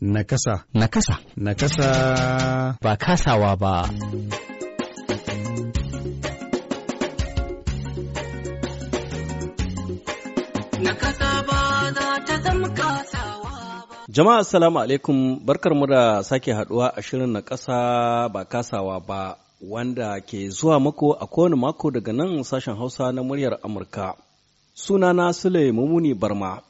Nakasa. Nakasa. Nakasa. Ba kasawa ba. kasa ba za ta zama kasawa ba. Jama'a salamu alaikum barkar mu da sake haduwa a shirin na ƙasa ba kasawa ba wanda ke zuwa mako a kowane mako daga nan sashen Hausa na muryar Amurka. Sunana Sule Mumuni Barma.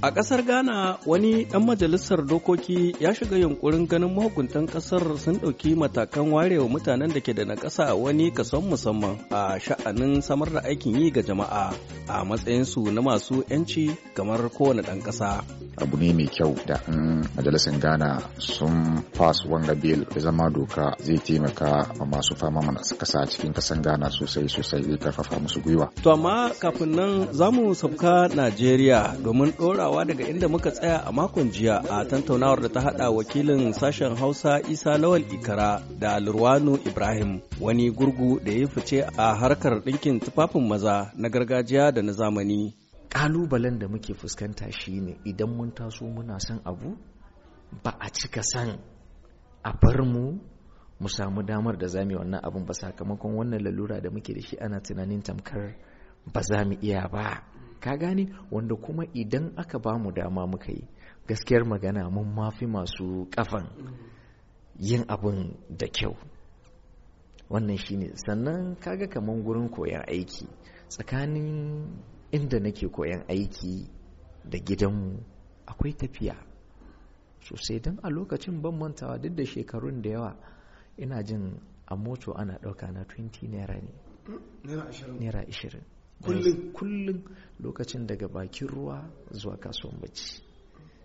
A ƙasar Ghana wani ɗan majalisar dokoki ya shiga yunkurin ganin mahukuntan ƙasar sun ɗauki matakan warewa mutanen da ke da ƙasa wani kason musamman a sha'anin samar da aikin yi ga jama'a a matsayinsu na masu 'yanci kamar kowane ɗan ƙasa. Abu ne mai kyau da an majalisar Ghana sun fas wanga bil da zama doka zai taimaka ma masu fama mana kasa cikin ƙasar Ghana sosai sosai zai karfafa musu gwiwa. To amma kafin nan za mu sauka Najeriya domin ɗora ɗorawa daga inda muka tsaya a makon jiya a tantaunawar da ta haɗa wakilin sashen Hausa Isa Lawal Ikara da Lurwanu Ibrahim wani gurgu da ya fice a harkar ɗinkin tufafin maza na gargajiya da na zamani. kalubalen da muke fuskanta shine idan mun taso muna son abu ba a cika son a bar mu mu samu damar da za wannan abun ba sakamakon wannan lalura da muke da shi ana tunanin tamkar ba za mu iya ba. ka gane wanda kuma idan aka ba mu dama muka yi gaskiyar magana mun mafi masu kafan yin abin da kyau wannan shine sannan kaga kaman gurin koyan aiki tsakanin inda nake koyan aiki da gidanmu akwai tafiya sosai don a lokacin ban mantawa duk da shekarun da yawa ina jin a moto ana ɗauka na 20 naira ne naira 20 kullum kullum lokacin daga bakin ruwa zuwa kasuwan bacci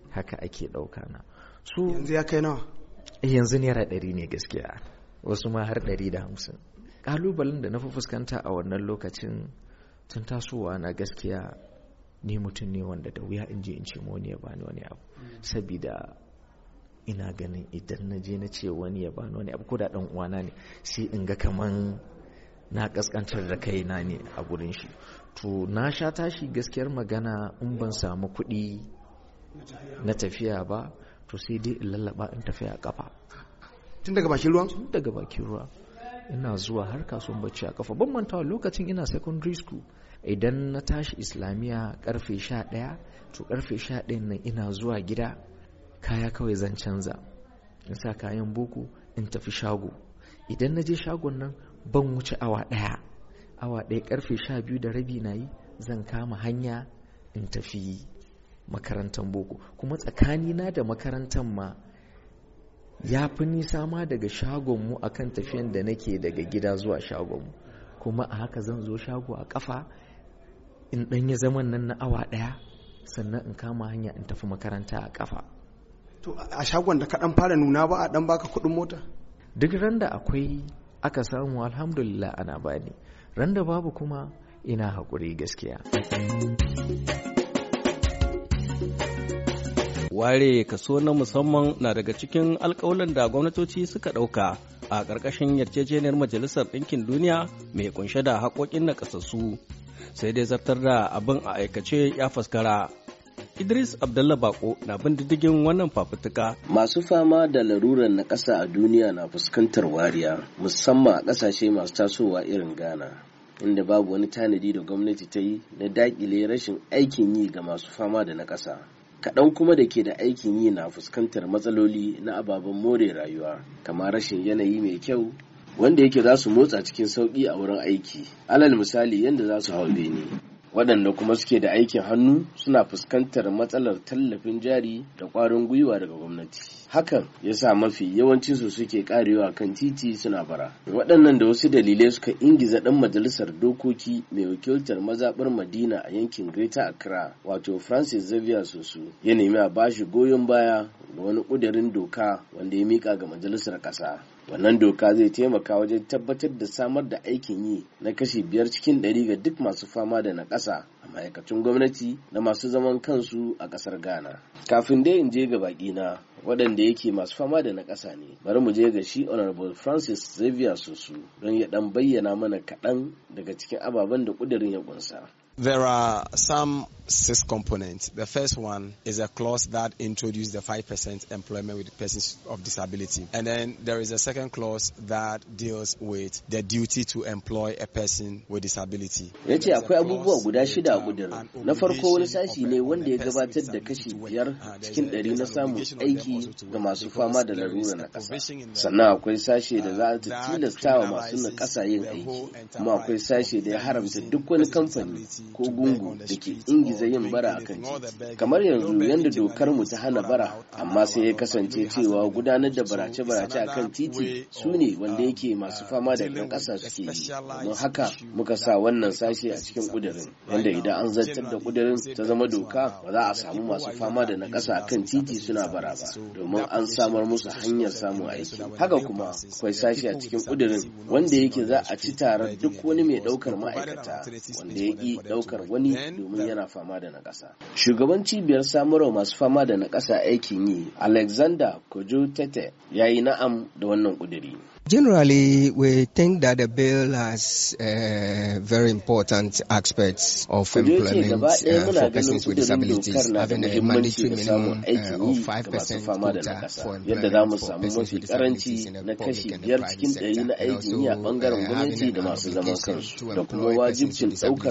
haka ake ɗauka na su yanzu ya kai nawa yanzu naira ɗari ne gaskiya wasu ma har ɗari da hamsin ƙalubalen da na fi fuskanta a wannan lokacin tun tasowa na gaskiya ni mutum ne wanda da wuya in je in ce wani ya bani wani abu mm. sabida ina ganin idan na je na ce wani ya bani wani abu ko da ɗan uwana ne sai in ga kaman na kaskantar da kai na ne a gurin shi to na sha tashi gaskiyar magana in ban samu kuɗi na tafiya ba to sai dai in lallaba in tafi a kafa tun daga bakin ruwa tun daga bakin ruwa ina zuwa har kasuwan bacci a kafa ban mantawa lokacin ina secondary school idan na tashi islamiyya karfe 11 to karfe 11 nan ina zuwa gida kaya kawai zan canza in sa kayan boko in tafi shago idan na je shagon nan ban wuce awa ɗaya awa ɗaya karfe sha biyu da rabi na yi zan kama hanya in tafi makarantar boko kuma tsakanina da makarantar ma ya fi nisa ma daga shagonmu a kan tafiyan da nake daga gida zuwa shagonmu kuma a haka zan zo shago a kafa in ɗan ya zaman nan na awa ɗaya sannan in kama hanya in tafi makaranta a kafa to a shagon da ka ɗan fara nuna ba a ɗan baka kuɗin mota duk ran da akwai aka samu alhamdulillah ana bani randa babu kuma ina haƙuri gaskiya ware kaso na musamman na daga cikin alkawalan da gwamnatoci suka ɗauka a ƙarƙashin yarjejeniyar majalisar ɗinkin duniya mai kunshe da haƙoƙin na sai dai zartar da abin a aikace ya faskara Idris Abdullah Bako na bin wannan fafutuka. Masu fama da larurar na ƙasa a duniya na fuskantar wariya musamman a ƙasashe masu tasowa irin Ghana. Inda babu wani tanadi da gwamnati ta yi na daƙile rashin aikin yi ga masu fama da na ƙasa. Kaɗan kuma da ke da aikin yi na fuskantar matsaloli na ababen more rayuwa, kamar rashin yanayi mai kyau, wanda yake za su motsa cikin sauƙi a wurin aiki alal misali yadda za su hau bene waɗanda kuma suke da aikin hannu suna fuskantar matsalar tallafin jari da ƙwarin gwiwa daga gwamnati hakan ya sa mafi su suke karewa kan titi suna bara waɗannan da wasu dalilai suka ingiza ɗan majalisar dokoki mai wakiltar mazaɓar madina a yankin greater accra wato francis xavier sosu ya nemi a bashi goyon baya ga wani ƙudurin doka wanda ya mika ga majalisar ƙasa wannan doka zai taimaka wajen tabbatar da samar da aikin yi na kashi biyar cikin ɗari ga duk masu fama da na ƙasa a ma'aikacin gwamnati na masu zaman kansu a ƙasar ghana kafin dai in je ga baƙi na waɗanda yake masu fama da na ƙasa ne bari mu je ga shi honorable francis xavier sosu don ya ɗan bayyana mana kaɗan daga cikin ababen da ƙudurin ya ƙunsa there are some six components. The first one is a clause that introduced the 5% employment with persons of disability. And then there is a second clause that deals with the duty to employ a person with disability. akwai abubuwa guda shida a Na farko wani sashi ne wanda ya gabatar da kashi biyar ah, cikin ɗari na samun aiki ga masu fama da larura na ƙasa. Sannan akwai da za ta tilasta wa masu na ƙasa yin aiki. Kuma akwai da ya haramta duk wani kamfani ko gungu da ke ingi ingiza yin bara a kan titi kamar yanzu yadda dokar mu ta hana bara amma sai ya kasance cewa gudanar da barace-barace a kan titi su ne uh, wanda yake masu fama da ɗan ƙasa suke yi don haka muka sa wannan sashe a cikin ƙudurin wanda idan an zartar da ƙudurin ta zama doka ba za a samu masu fama da na ƙasa kan titi suna bara ba domin an samar musu hanyar samun aiki haka kuma akwai sashe a cikin ƙudurin wanda yake za a ci tare duk wani mai ɗaukar ma'aikata wanda ya ƙi ɗaukar wani domin yana fama fama da nakasa. Shugaban cibiyar samarwa masu fama da nakasa aikin yi Alexander Kojo Tete ya yi na'am da wannan ƙudiri. Generally, we think that the bill has uh, very important aspects of employment uh, for persons with disabilities, having a mandatory minimum uh, of 5% quota for employment for persons with disabilities in the public and the private sector, and also uh, having an obligation to employ persons with disabilities, and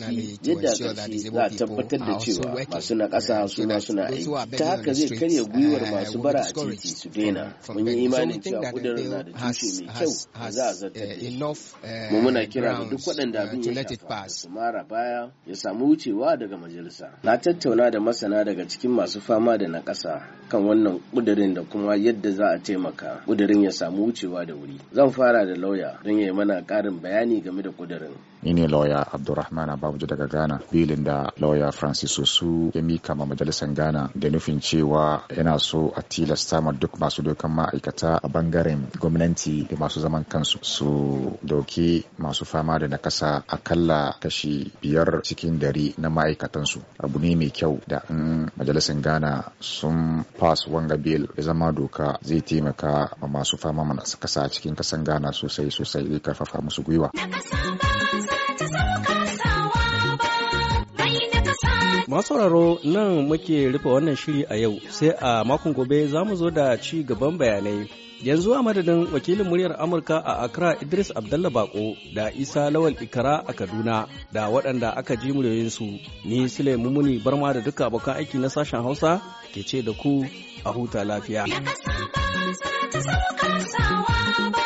finally to ensure that disabled people are also uh, working. Uh, so that those who are begging on the streets uh, will be discouraged from, from begging. So we think that na da tushe mai kyau za a zartar eh, eh, mu muna kira ga duk waɗanda eh, abin ya shafa su mara baya ya samu wucewa daga majalisa na tattauna da masana daga cikin masu fama da na ƙasa kan wannan ƙudurin da kuma yadda za a taimaka ƙudurin ya samu wucewa da wuri zan fara da lauya don ya yi mana ƙarin bayani game da ƙudurin ni ne lawyer abdulrahman ababuja daga ghana bilin da lawyer francis osu ya mika ma majalisar ghana da nufin cewa yana so a tilasta ma duk masu dokan ma'aikata a bangaren gwamnati da masu zaman kansu su doki masu fama da nakasa kalla kashi biyar cikin dari na ma'aikatansu abu ne mai kyau da in majalisar ghana sun pass wanga bill ya zama doka zai taimaka ma masu fama mana kasa cikin kasan ghana sosai sosai zai karfafa musu gwiwa. Masu raro nan muke rufe wannan shiri a yau sai a makon gobe za mu zo da ci gaban bayanai. Yanzu a madadin wakilin muryar Amurka a Accra Idris abdullah Bako da Isa Lawal Ikara a Kaduna da waɗanda aka ji muryoyinsu ni Sule Mumuni Barma da duka abokan aiki na sashen Hausa ke ce da ku a huta lafiya. Ya